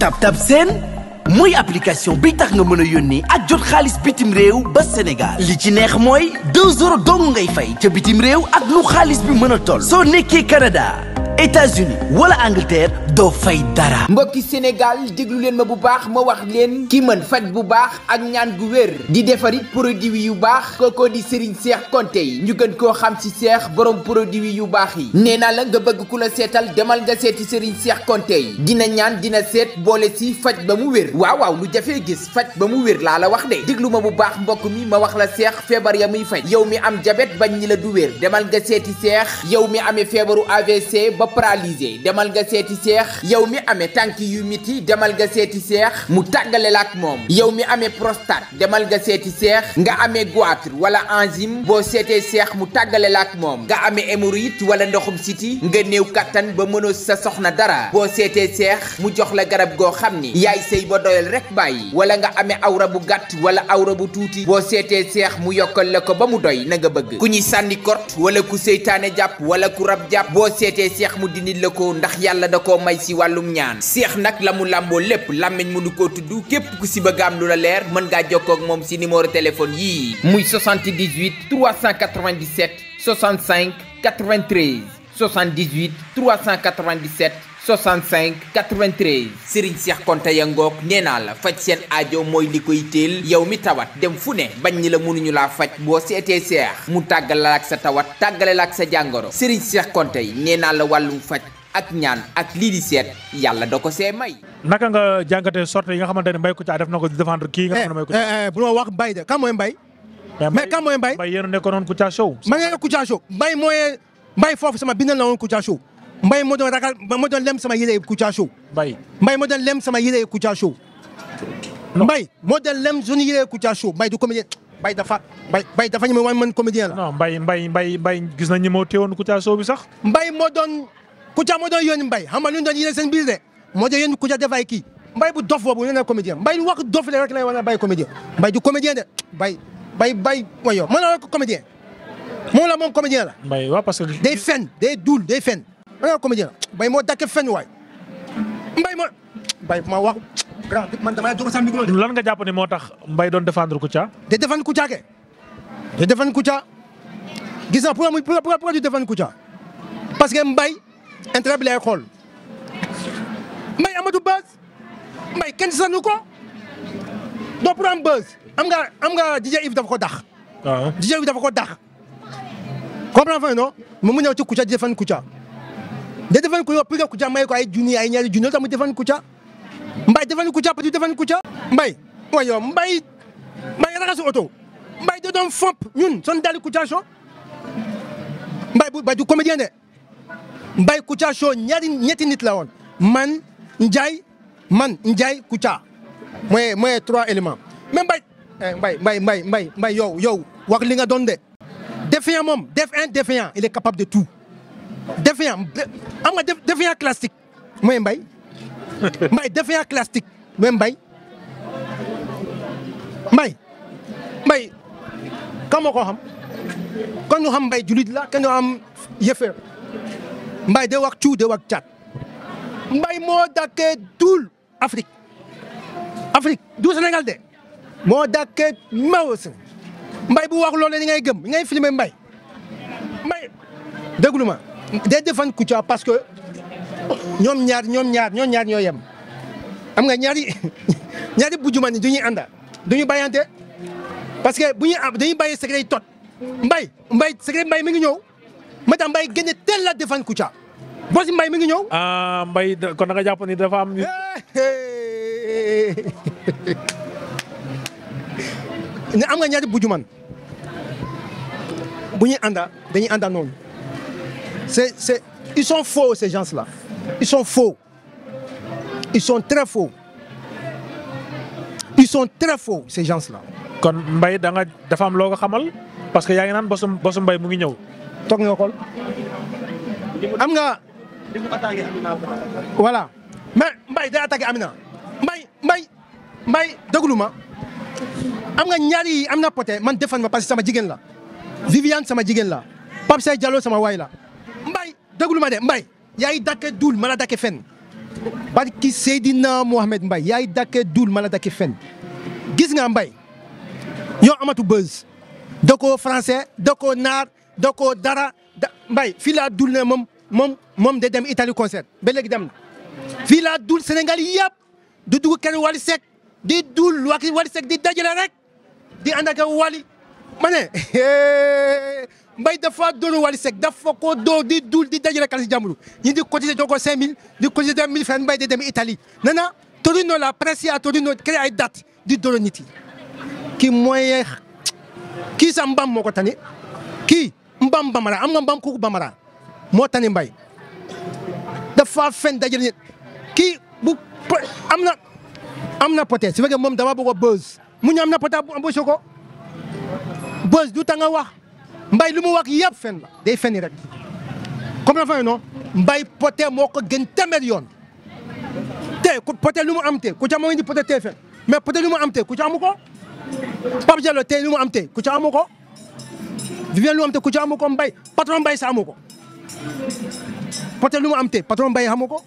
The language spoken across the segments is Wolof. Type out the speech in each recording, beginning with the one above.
Tap Tap Seen mooy application bi tax nga mën a yónnee ak jot xaalis bitim réew ba Sénégal li ci neex mooy 2 euros dong ngay fay ca bitim réew ak lu xaalis bi mën a toll. soo nekkee Canada États-Unis wala Angleterre. doo fay dara mbokki Sénégal déglu leen ma bu baax ma wax leen ki mën faj bu baax ak ñaan gu wér di defarit produit yu baax kookoo di sëriñ Cheikh Konte yi ñu gën koo xam ci Cheikh borom produit yu baax yi nee naa la nga bëgg ku la seetal demal nga seeti Serigne Cheikh Konte yi dina ñaan dina seet boole si faj ba mu wér waaw waaw lu jafee gis faj ba mu wér laa la wax de déglu ma bu baax mbokk mi ma wax la Cheikh feebar ya muy faj yow mi am jabet bañ ñi la du demal nga seeti Cheikh yow mi amee feebaru AVC ba paralysé seex yow mi amee tànk yu miti demal nga seeti seex mu tàggale la ak moom yow mi amee prostate demal nga seeti seex nga amee goitre wala enzyme boo seetee seex mu tàggale la ak moom nga amee hémorroïde wala ndoxum siti nga néew kattan ba mënoo sa soxna dara boo seetee seex mu jox la garab goo xam ni yaay sëy ba doyal rek bàyyi wala nga amee awra bu gàtt wala awra bu tuuti boo seetee seex mu yokkal la ko ba mu doy na nga bëgg ku ñuy sànni kort wala ku seytaane mu dindi la taxawaay ci ñaan seex nag la mu làmboo lépp làmmiñ mënu koo tudd képp ku ci bëgg am lu la leer mën ngaa jokkook moom ci numéro téléphone yii muy 78 397 65 93 78 397 65 93 Serigne Cheikh Konte ya ngoog nee naa la faj seen aajo mooy li koy teel yow mi tawat dem fu ne bañ ni la mënuñu laa faj boo seetee seex mu tàggale laa ak sa tawat tàggale la ak sa jàngoro Serigne seex Konte yi nee naa la wàllum faj ak ñaan ak lii di seet yàlla da ko see may. naka nga jàngatee sorte yi nga xamante ne Mbaye Kouthia def na ko défendre kii nga xam ne Mbaye Kouthia. Eh, eh, eh, bu ma wax Mbaye de kan mooy Mbaye. mais kan mooy Mbaye Mbaye nekkoon Kouthia Show. ma ngeen sama bindal na woon Kouthia Show Mbaye moo doon ragal lem sama yére Kouthia Show. Mbaye Mbaye moo doon lem sama yére Kouthia Show. Mbaye moo doon lem suñu yére Kouthia Show Mbaye du comédien Mbaye dafa Mbaye Mbaye dafa ñu mën comédien la. non Mbaye Mbaye Mbaye gis na ñi moo teewoon Kouthia Show bi sax. Mbaye moo doon Kouthia moo doon yónni Mbaye xam nga lu ñu doon yéene seen biir de moo doon yónni Kouthia def ay kii Mbaye bu dof boobu ñu ne comédien Mbaye lu wax dof la rek lay wane Mbaye comédien Mbaye du comédien de Mbaye Mbaye Mbaye mooy yow mën naa ko comédien moom la moom comédien la. Mbaye waaw parce que. day fen day duul day fen mën naa comédien la Mbaye moo dàkkee fen waay Mbaye moo Mbaye ma wax grand man damaa jox sa micro. lan nga jàpp ne moo tax Mbaye doon défendre Kouthia. day défendre Kouthia ke day défendre Kouthia gis nga pour pour pour du défendre Kouthia parce que Mbaye intérêt bi lay xool mbay amatu buzz mbay kenn sanu ko doo am buzz am nga am nga DJ Yves dafa ko dax. waaw ah. DJ dafa ko dax. comprendre fa non moom mu ñëw ci Kouthia di defan Kouthia di defan Kouthia pour que Kouthia may ko ay junni ay ñaari junni tamit defan Kouthia mbay defan Kouthia petit defan Kouthia. mbay waaye yow mbay mbay raxasu mbay da doon ñun son daal di Kouthia mbay bu mbay du comédien mbay Kouthia show ñetti nit la woon man Ndiaye man Ndiaye Kouthia mooy mooy trois éléments mais Mbaye eh, Mbaye Mbaye Mbaye yow yow li nga doon de défiant moom def un défiant il est capable de tout défiant am nga défiant classique mooy mbay Mbaye défiant classique mooy Mbaye Mbaye Mbaye kan moo ko xam kan ñu la kan ñu xam yëfër Mbaye day wax cu day wax cat Mbaye moo dàkkee dul Afrique Afrique du Sénégal de moo dàkkee maos mbay bu wax loole ni ngay gëm ni ngay filmer Mbaye Mbaye déglu ma day defan Kouthia parce que ñoom ñaar ñoom ñaar ñoom ñaar ñoo yem am nga ñaari ñaari bujuma ni du ñuy ànda du ñu bàyyante parce que bu ñuy dañuy bàyyi mbay yi tot mbay Mbaye secret Mbaye mi ngi ñëw Matar mbay génne teel la defan Kouthia Boss Mbaye mi ngi ñëw. ah mbay kon da nga jàpp ni dafa am. am nga ñaari bujuman bu ñuy ànda dañuy ànda noonu c'est c'est ils sont faux ces gens là ils sont faux ils sont très faux ils sont très faux ces gens là. kon mbay da nga dafa am loo xamal parce que yaa ngi naan Boss Boss mu ngi ñëw. toog nga xool am nga. voilà mais Mbaye day attaqué Amina Mbaye mbay mbay déglu ma am nga ñaari am na poté man defan ma parce que sama jigéen la Viviane sama jigéen la Pape Seye Diallo sama waay la mbay déglu ma de mbay yaay dakke duul mala dakke fen barki Seydina Mohamed Mbaye yaay dakke duul mala dakke fen gis nga Mbaye yow amatu buzz dakoo français dakoo naar da dara da mbay fii laa dul ne moom moom moom day dem itali concert ba léegi dem na fii laa dul Sénégal yëpp du dugg kenn Wally di dul waa Wally Seck di dajale rek di ànd ak Wally ma ne mbay dafa doon Wally Seck dafa ko doo di dul di dajale xaalis jàmbur ñi di cotiser jox ko 5000 di cotiser 2000 francs mbay day dem Italie nee na Torino la presse yi à Torino créé ay dat di doon nit yi kii mooy kii sa mbaam moo ko tane kii. mbaam bambara am nga mbaam kooku bambara moo tani mbay dafa fen dajale nit kii bu am na am na peut être su fekkee moom dama bëgg a mu ñu am na peut être bu embauché ko buzz du tanga wax mbay lu mu wax yëpp fen la day fenni rek comme la fa non mbay peut être moo ko gën téeméer yoon te pote être mu am te ku ca moo indi peut être tey fen am te ku ca amu ko Pape Diallo mu am ku ca amu ko. Viviane lu am te ku ci amu ko mbay patron mbay sa amu ko peut lu mu am te patron mbay xamu ko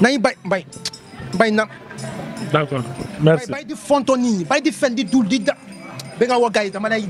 nañu bay mbay na d'accord merci bay di fonto nit bay di fen di dul di da bi nga woo gars yi dama lay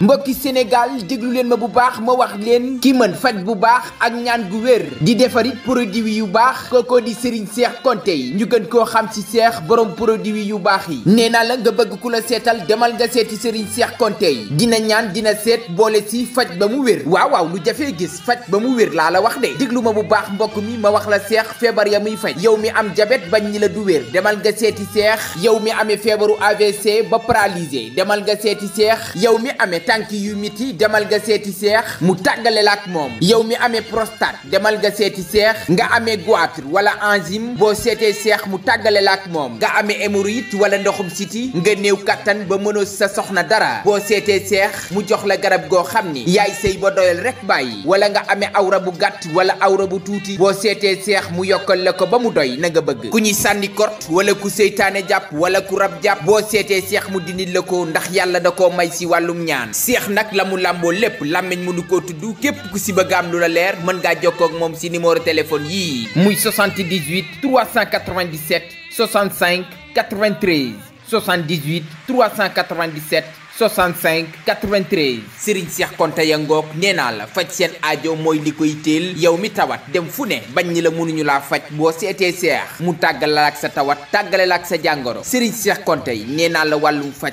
mbokki Sénégal déglu leen ma bu baax ma wax leen ki mën faj bu baax ak ñaan gu wér di defarit produit yu baax kookoo di Serigne Cheikh Konte yi ñu gën koo xam ci Cheikh borom produit yu baax yi nee naa la nga bëgg ku la seetal demal nga seeti Serigne Cheikh Konte yi dina ñaan dina seet boole si faj ba mu wér waaw waaw lu jafee gis faj ba mu wér laa la wax de déglu ma bu baax mbokk mi ma wax la Cheikh feebar ya muy faj yow mi am jabet bañ ñi la du wér demal nga seeti Cheikh yow mi amee feebaru AVC ba paralysé demal nga seeti seex yow mi amee tànk yu miti demal nga seeti seex mu tàggale la ak moom yow mi amee prostate demal nga seeti seex nga amee goitre wala enzyme boo seetee seex mu tàggale la ak moom nga amee hémorroïde wala ndoxum siti nga néew kattan ba mënoo sa soxna dara boo seetee seex mu jox la garab goo xam ni yaay sëy ba doyal rek bàyyi wala nga amee awra bu gàtt wala awra bu tuuti boo seetee seex mu yokkal la ko ba mu doy na nga bëgg ku ñuy sànni kort wala ku seytaane jàpp wala ku jàpp boo seetee seex mu dindi ko ndax yàlla da koo may si wàllum ñaan seex nag la mu làmboo lépp làmmiñ mënu koo tudd képp ku si bëgg am lu la leer mën ngaa jokkoo ak moom si numéro téléphone yii muy 78 397 65 93 78 397 65 93 Serigne Cheikh Konte ya ngoog nee naa la faj seen aajo mooy li koy téel yow mi tawat dem fu ne bañ ñi la mënuñu laa faj boo seetee seex mu tàggale la ak sa tawat tàggale la ak sa jàngoro Serigne Cheikh Konte yi nee naa la wàllum faj